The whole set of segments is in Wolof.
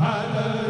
ala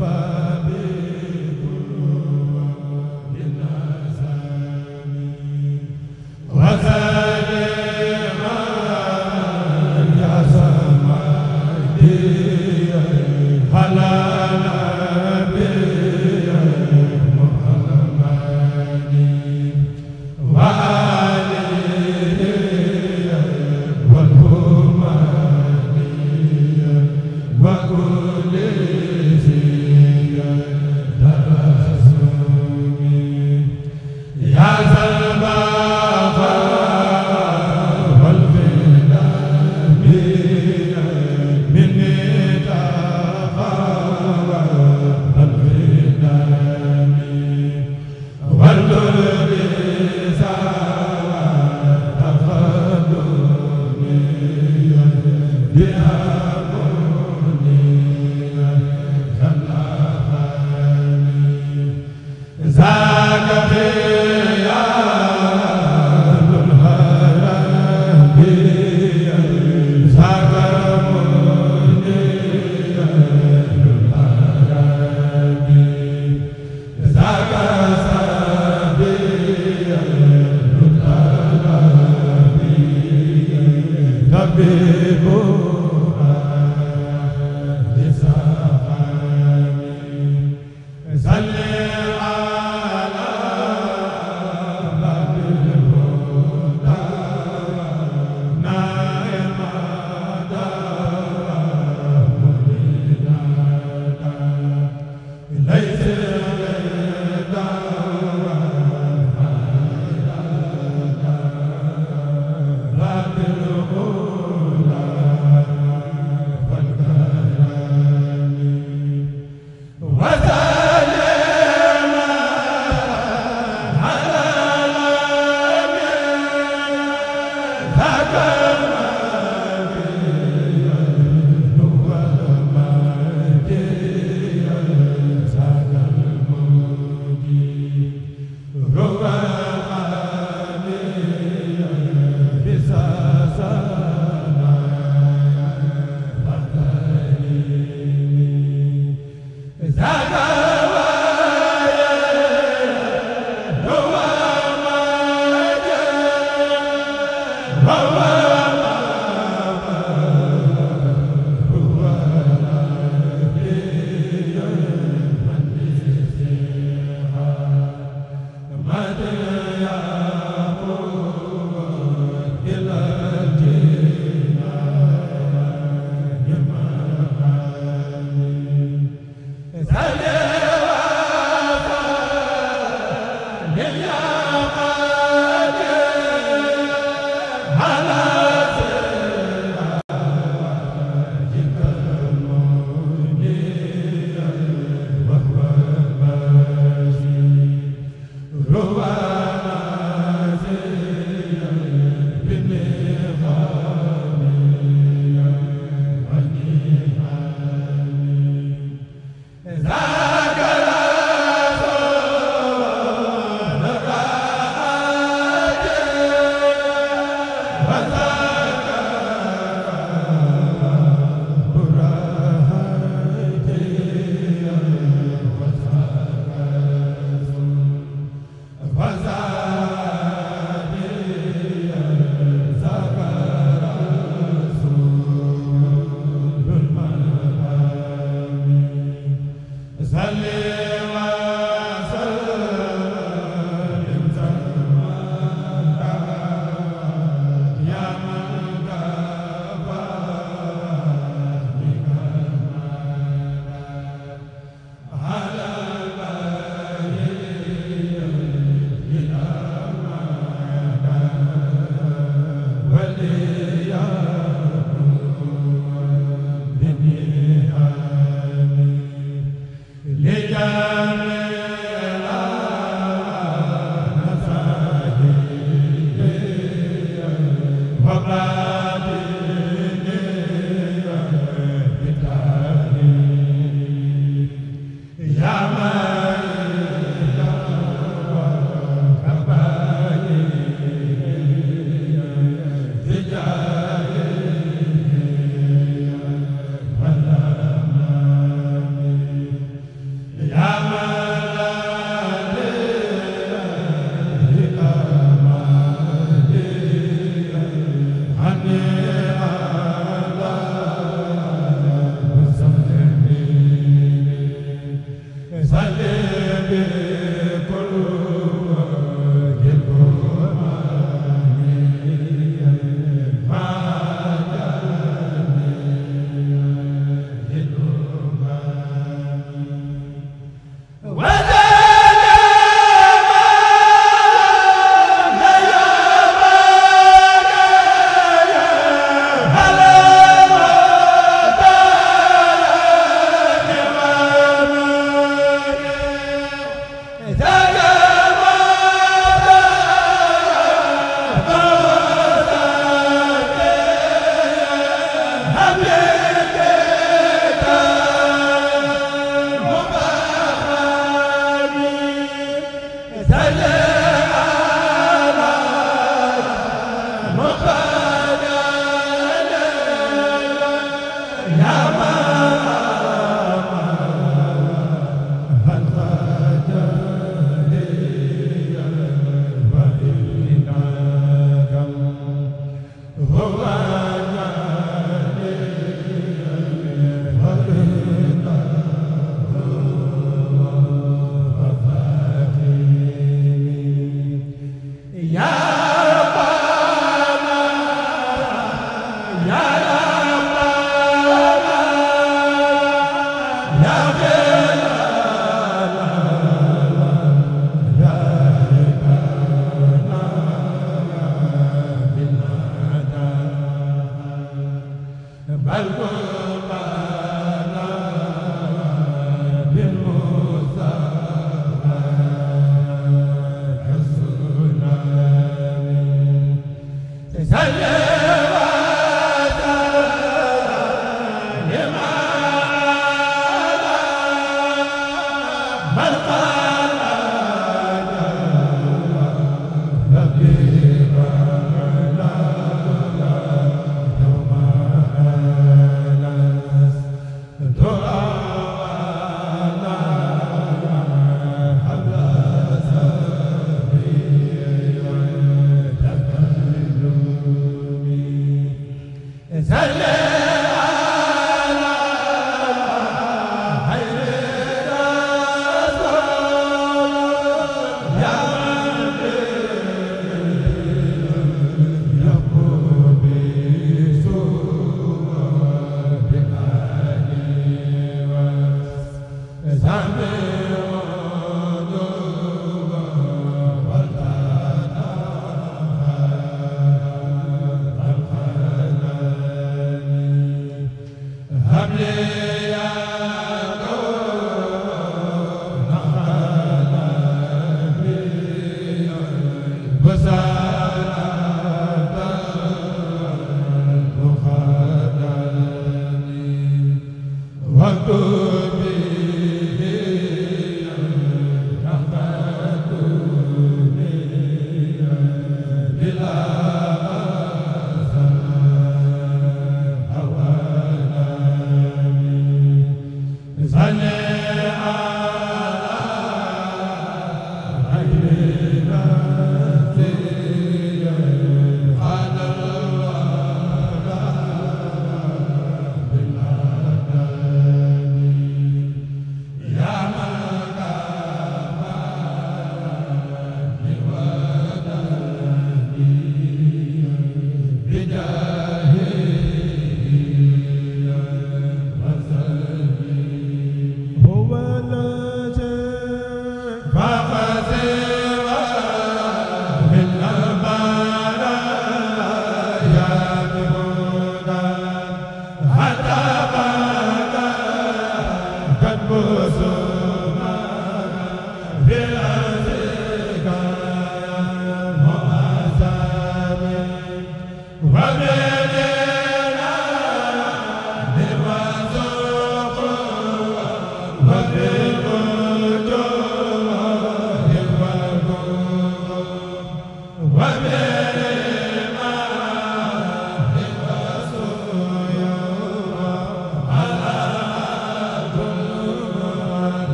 ba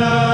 yaa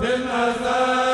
تنزل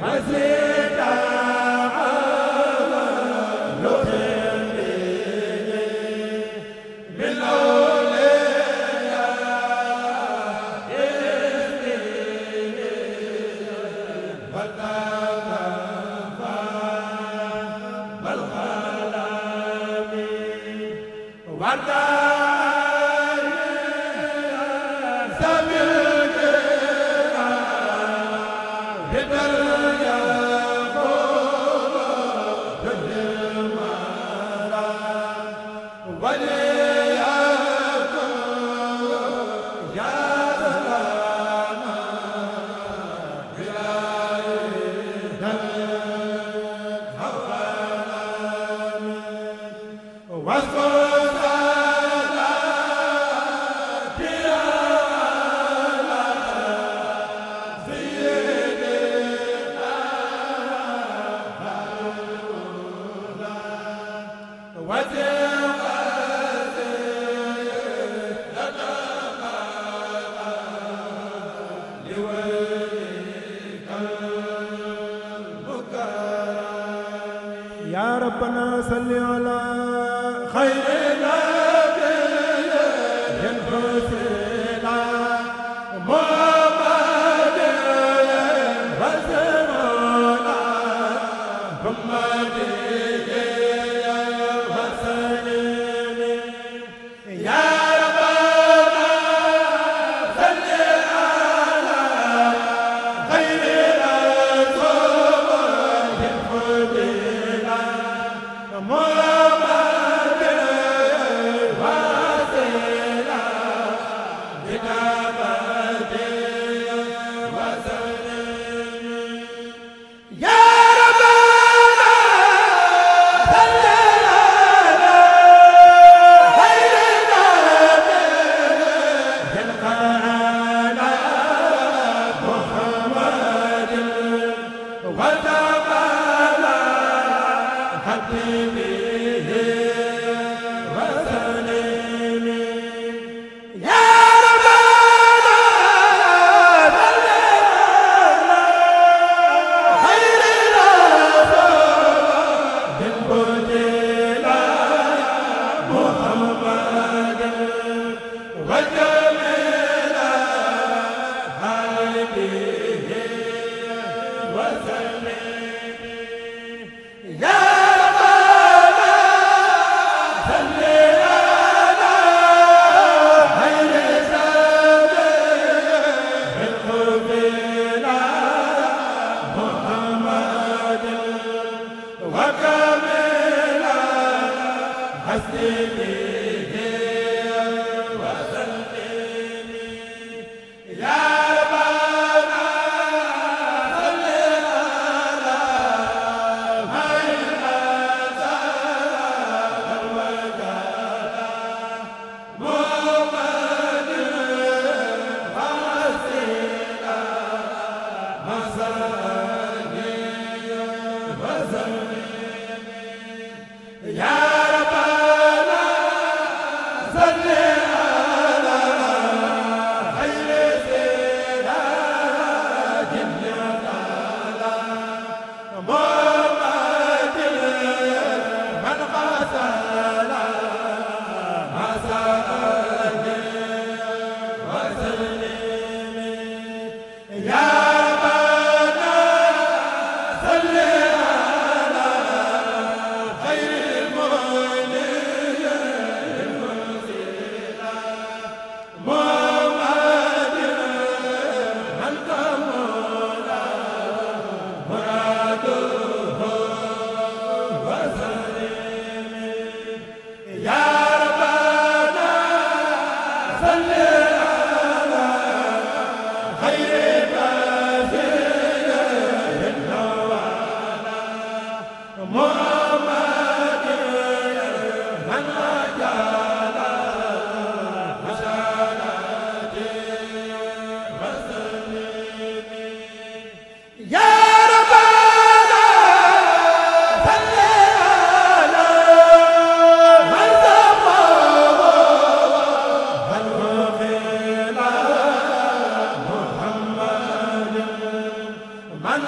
Mas eu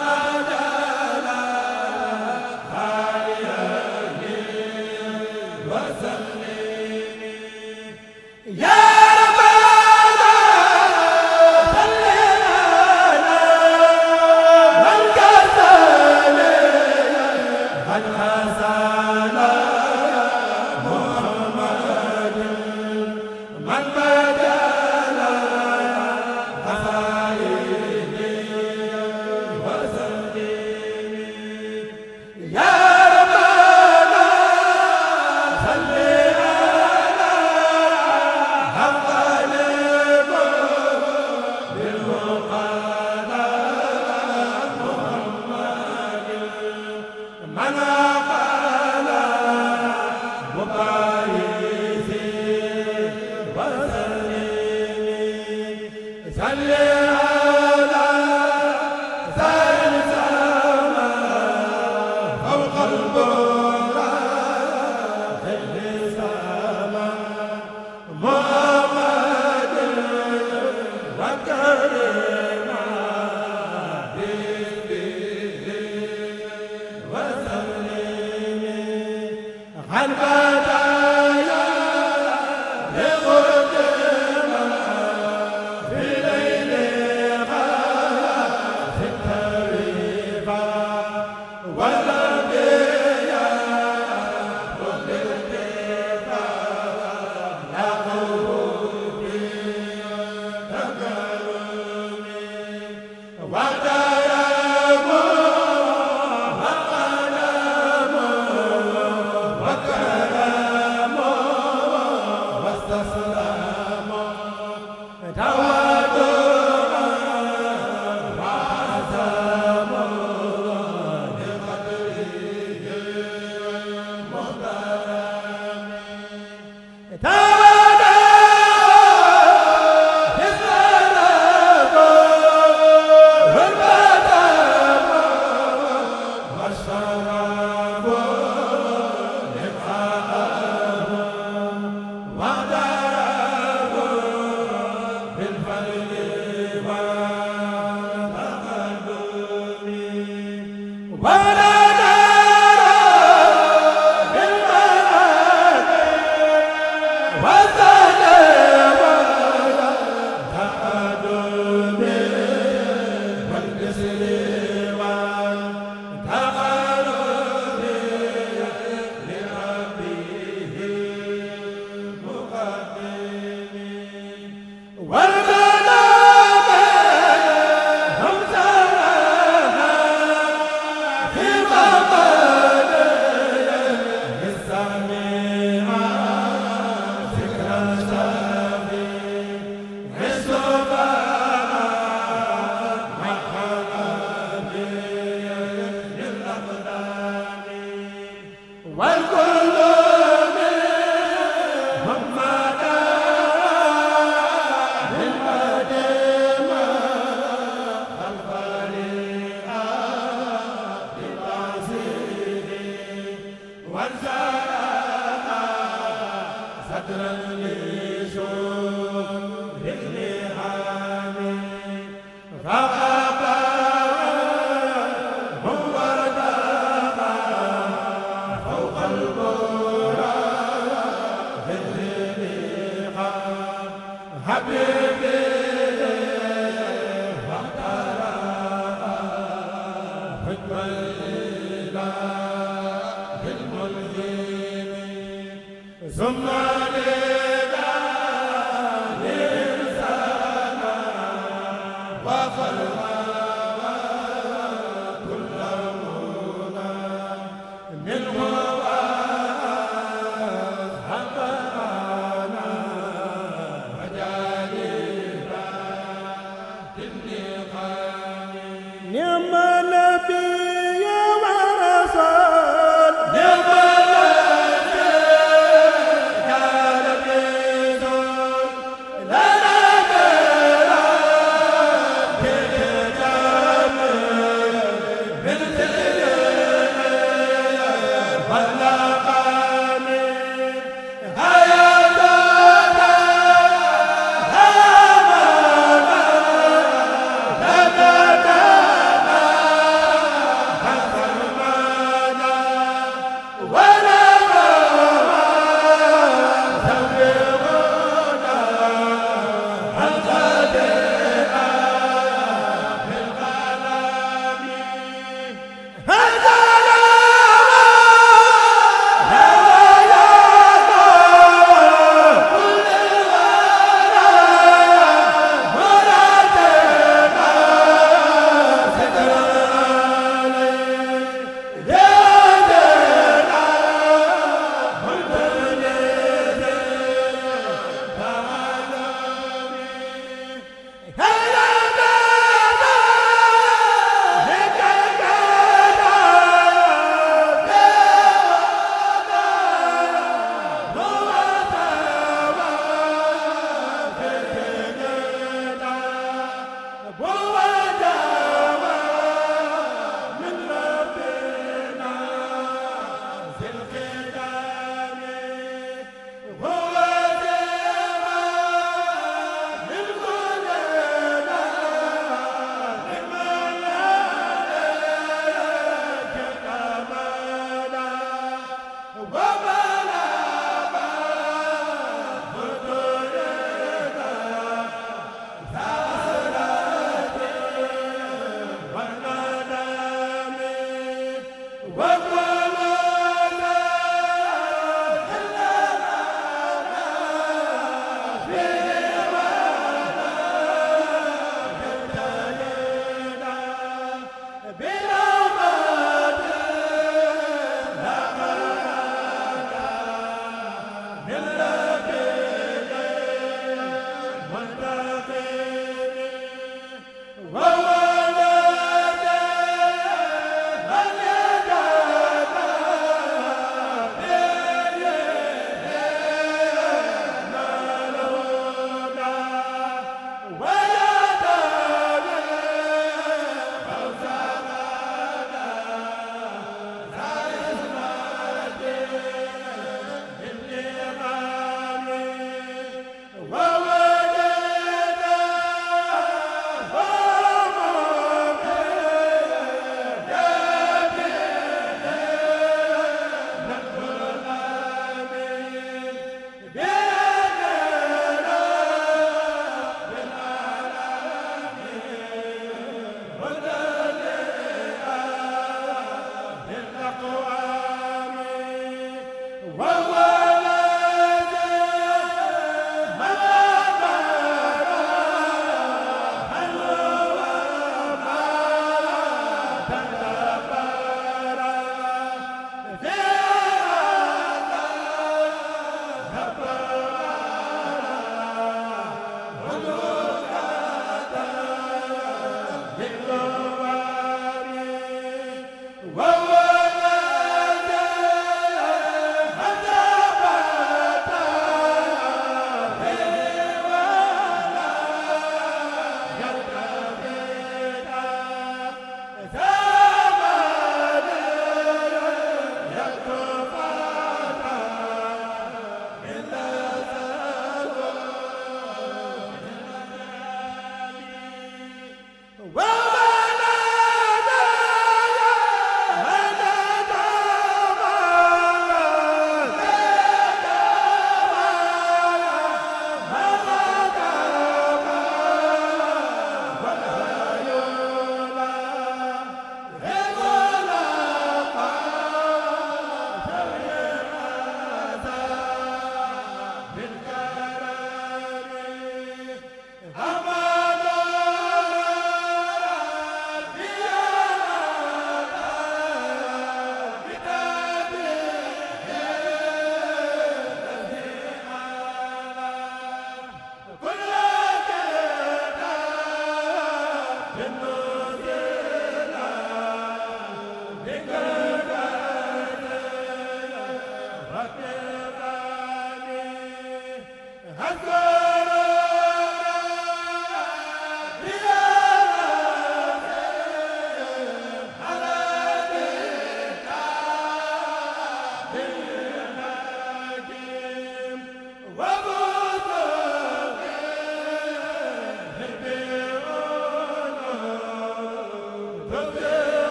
Amen. wa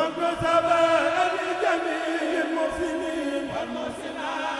من كسب لجميع المحسنين والمحسنات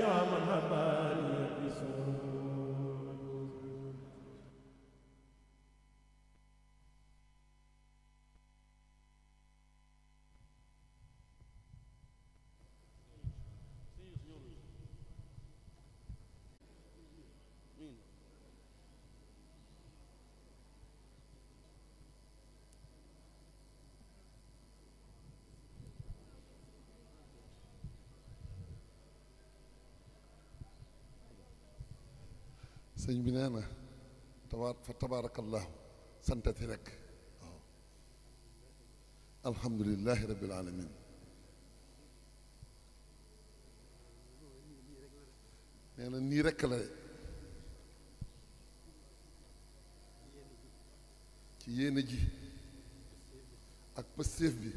yaa man habani sëñ bi nee na tabaar fa tabaarakallahu santati rek waaw alhamdulilahi rabbil alamin nee na nii rekk la de ci yéene ji ak pëstéef bi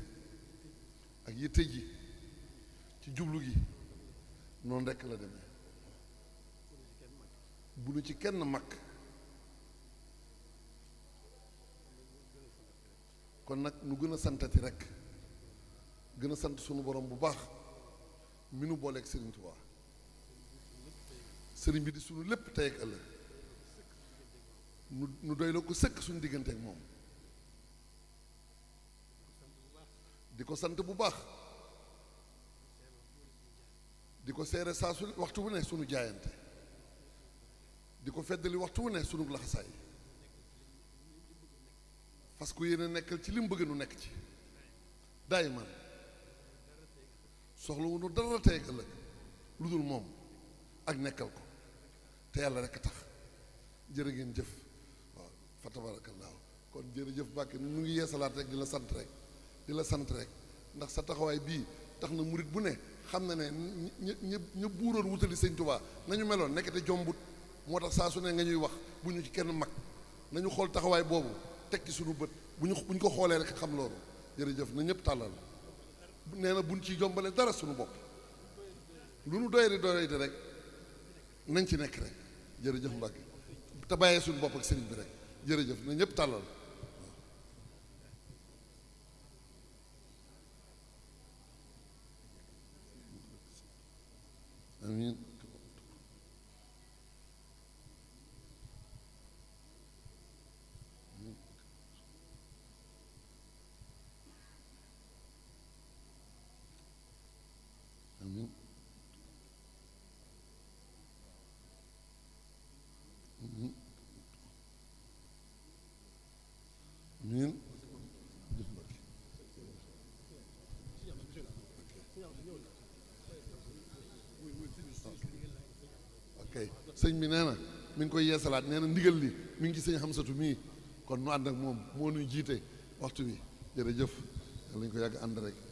ak yitte ji ci jublu gi noonu rekk la demee bu nu ci kenn mag kon nag nu gën a santati rek gën a sant sunu borom bu baax mi nu booleeg Serigne Touba Serigne bi di sunu lépp tey ak ëllëg nu nu doy ko sëkk suñu diggante ak moom di ko sant bu baax di ko seere saa su waxtu bu ne sunu jaayante di ko feddali waxtu wu ne sunu laxasaay parce que yéen a nekkal ci li mu bëgg nu nekk ci daay man soxla wu nu dara tey ëllëg lu dul moom ak nekkal ko te yàlla rek tax jërë ngeen jëf waaw fa tabaarakallaahu kon jërëjëf Mbàkke nu ngi yeesalaat rek di la sant rek di la sant rek ndax sa taxawaay bii tax na murit bu ne xam na ne ña ña ña buuroon wutali sëñ Tuubaa nañu meloon nekk te jombut moo tax saa su ne nga ñuy wax bu ñu ci kenn mag nañu xool taxawaay boobu tekki sunu bët bu ñu bu ñu ko xoolee rek xam loolu jërëjëf na ñëpp tàllal nee na buñ ci jombale dara suñu bopp lu nu doyadi doyadi rek nañ ci nekk rek jërëjëf Mbacke te bàyyee suñu bopp ak sëriñ bi rek jërëjëf nañ ñëpp tàllal amiin ok sëñ bi nee na mi ngi koy yeesalaat nee na ndigal li mi ngi ci sëñ xamsatu mii kon nu ànd ak moom moo nuy jiite waxtu bi jërëjëf lañ koy yàgg ànd rek